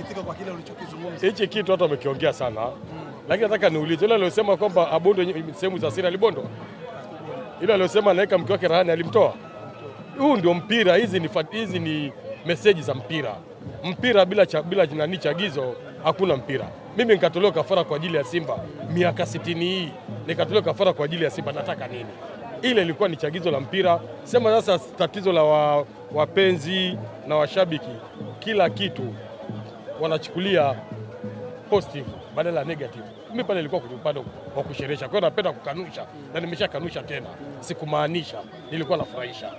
unasikitika kwa kile ulichokizungumza? Hichi kitu watu wamekiongea sana mm. Lakini nataka niulize yule aliyosema kwamba abondo sehemu za siri alibondo, yule aliyosema anaweka mke wake rahani alimtoa. Huu ndio mpira, hizi ni, hizi ni meseji za mpira. Mpira bila, cha, bila nani chagizo hakuna mpira. Mimi nikatolewa kafara kwa ajili ya Simba miaka 60 hii nikatolewa kafara kwa ajili ya Simba, nataka nini? Ile ilikuwa ni chagizo la mpira. Sema sasa tatizo la wapenzi wa na washabiki, kila kitu wanachukulia positive badala ya negative. Mimi pale nilikuwa kwenye upande wa kusherehesha, kwa hiyo napenda kukanusha na nimeshakanusha tena, sikumaanisha, nilikuwa nafurahisha.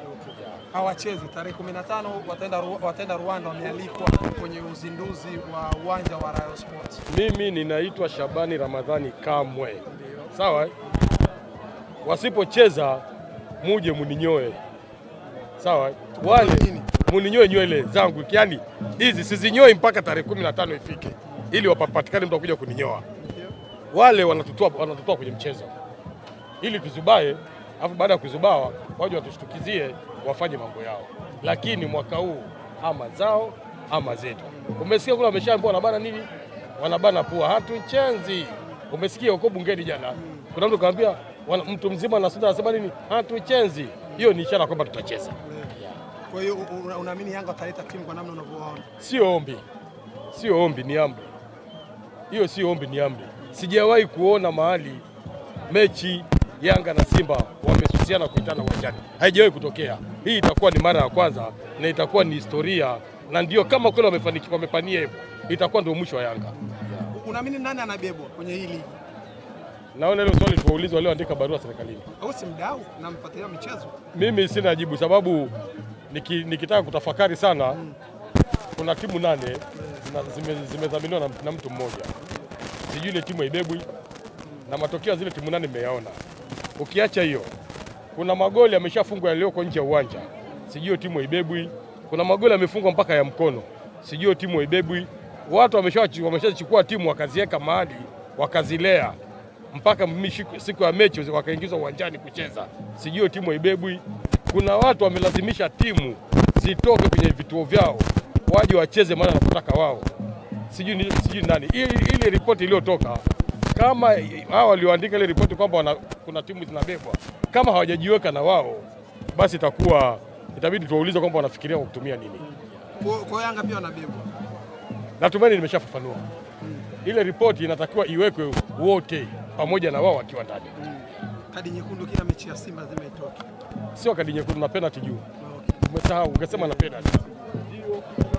Hawachezi tarehe 15 wataenda wataenda Rwanda, wamealikwa kwenye uzinduzi wa uwanja wa Rayon Sports. Mimi ninaitwa Shabani Ramadhani Kamwe, sawa. Wasipocheza muje muninyoe, sawa wale muninyoe nywele zangu, yani hizi sizinyoe mpaka tarehe kumi na tano ifike, ili wapapatikane mtu akuja kuninyoa. Wale wanatutoa wanatutoa kwenye mchezo ili tuzubae, alafu baada ya kuzubawa waje watushtukizie wafanye mambo yao. Lakini mwaka huu ama zao ama zetu. Umesikia kuna wameshaambiwa wanabana nini? Wanabana pua, hatuchenzi. Umesikia huko bungeni jana, kuna mtu kaambia mtu mzima anasema nini? Hatuchenzi. Hiyo ni ishara kwamba tutacheza. Kwa hiyo unaamini Yanga wataleta timu kwa namna unavyoona? Sio ombi, sio ombi, ni amri. Hiyo sio ombi, ni amri. Sijawahi kuona mahali mechi Yanga na Simba wamesusiana kuitana uwanjani, haijawahi kutokea. Hii itakuwa ni mara ya kwanza na itakuwa ni historia, na ndio kama kweli wamefanikiwa, wamepania hivyo, itakuwa ndio mwisho wa Yanga. Unaamini nani anabebwa kwenye hii ligi? Naona hilo swali tuwaulize walioandika barua serikalini. Au si mdau na mfuatilia michezo? Mimi sina jibu sababu niki, nikitaka kutafakari sana, kuna timu nane zimedhaminiwa na, na mtu mmoja, sijui ile timu haibebwi na matokeo zile timu nane nimeyaona. Ukiacha hiyo, kuna magoli ameshafungwa yaliyoko nje ya uwanja, sijui timu haibebwi. Kuna magoli amefungwa mpaka ya mkono, sijui timu haibebwi. Watu wameshachukua timu wakaziweka mahali wakazilea mpaka siku ya mechi wakaingizwa uwanjani kucheza, sijui timu haibebwi kuna watu wamelazimisha timu zitoke kwenye vituo vyao waje wacheze maana wanapotaka wao, sijui sijui nani. Ile ripoti iliyotoka kama hao walioandika ile ripoti kwamba kuna timu zinabebwa, kama hawajajiweka na wao, basi itakuwa itabidi tuwaulize kwamba wanafikiria kwa kutumia nini. Kwa, Yanga pia wanabebwa, natumaini nimeshafafanua. Ile ripoti inatakiwa iwekwe wote pamoja na wao wakiwa ndani. Mm kadi nyekundu kila mechi ya Simba zimetoka, sio kadi nyekundu na penalty juu. Okay. Umesahau ungesema na penalty.